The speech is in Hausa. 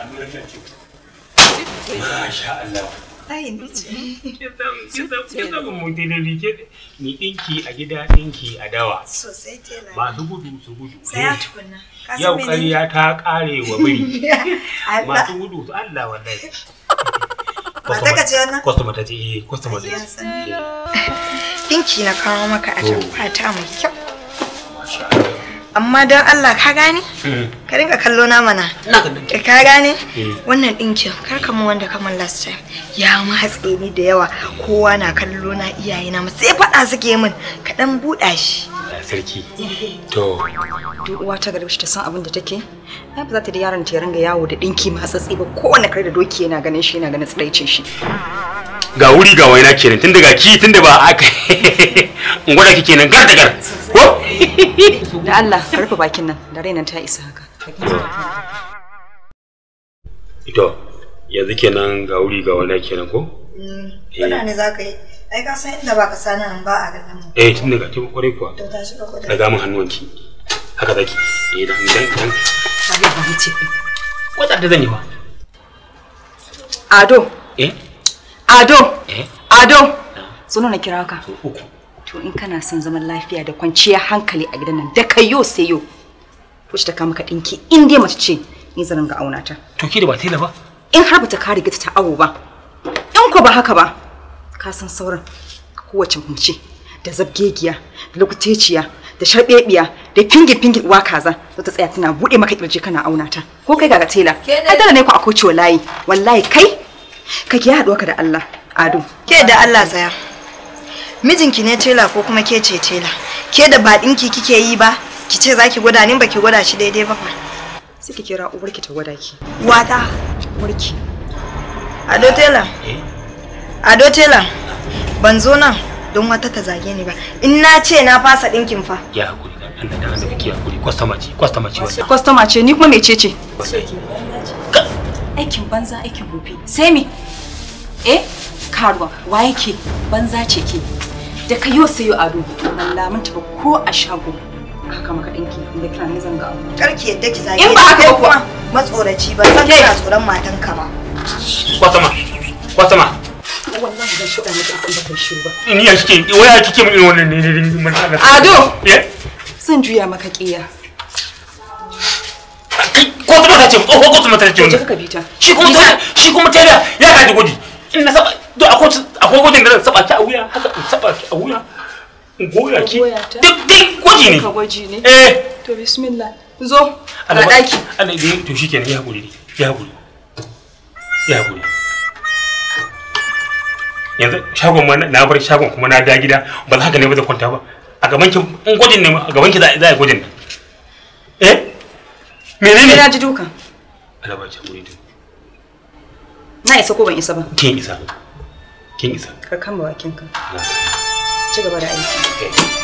an ni ki dinki a gida dinki a dawa masu gudu su gudu yau kariya ta kare wa masu gudu su Allah wallahi Kwastoma ta ce kwastoma ta Dinki na kawo maka a ta mai kyau. amma don Allah ka gane hmm. ka dinga kallo na mana eh, ka gane hmm. wannan ɗinkin karka mu wanda kamar last time ya matse ni da yawa kowa na kallo na iyaye na sai faɗa suke min ka dan buɗa shi sarki to duk uwa ta garbi ta san abin da take ai ba za ta da yaron ta ringa yawo da ma tsatsi ba kowanne kai da doki yana ganin shi yana ganin tsiraicin shi ga wuri ga waina kenan tun daga ki tun da ba aka gwada kike nan gar da gar da Allah ka rufe bakin nan da rainan ta isa haka ito yanzu kenan ga wuri ga wani kenan ko kana mm, ne zaka yi ai ka san inda baka sani an ba a garin mu eh tun daga kin kwarai kuwa to tashi ka kwada daga mun hannuwanki haka zaki eh dan dan dan abin ba mu ce ko da zan yi ma ado eh ado eh ado ah. sunan na kira ka uku to in kana son zaman lafiya da kwanciyar hankali a gidan nan da yo sai yo wacce ta kama ka dinki in dai mace ce ni zan ga auna ta to ki da ba tela ba in har bata kare gita ta awo ba in ko ba haka ba ka san sauran kowace mace da zabgegiya da lokuteciya da sharbebiya da fingir fingir wa kaza za ta tsaya tana bude maka kirje kana auna ta ko kai ga tela ai dala ne ku akoci wallahi wallahi kai ka ki haɗuwa ka da Allah ado ke da Allah tsaya mijinki ne tela ko kuma ke ce tela ke da ba ɗinki kike yi ba ki ce za ki gwada ni ba ki gwada shi daidai ba sai ki kira uwarki ta gwada ki wata uwarki ado tela eh? ado tela ban zo nan don wata ta zage ni ba in na ce na fasa ɗinkin fa ya hakuri Allah da hakuri kwastama ce kwastama ce wannan kwastama ce ni kuma mai ce aikin banza aikin gobe sai me eh karuwa waye ke banza ce ke da ka yi sayo ado wallahi mun taba ko a shago haka maka ɗinki inda kira ne zan abu karki yadda ki zage in ba haka ba kuwa matsoraci ba zan kira tsoron matan ka ba kwatama kwatama wallahi zan shuɗa miki abin da kai ba ni ya waya kike min wannan ne ne mun ado eh? zan juya maka kiya kwatama ta ce kwatama ta ce kuma ta shi kuma ta gudi in na saba to akwai akwai gwajin da zan saba a wuya haka in saba ki a wuya in goya ki duk duk gwaji ne eh to bismillah zo a daki Allah dai to shikenan ya hakuri ya hakuri ya hakuri yanzu shagon ma na bar shagon kuma na da gida ba za ka ne ba zan kwanta ba a gaban ki in gwajin ne a gaban ki za a yi gwajin nan eh menene ina ji dukan Allah na isa ko ban isa ba isa kin isa ka kama bakinka ci gaba da aiki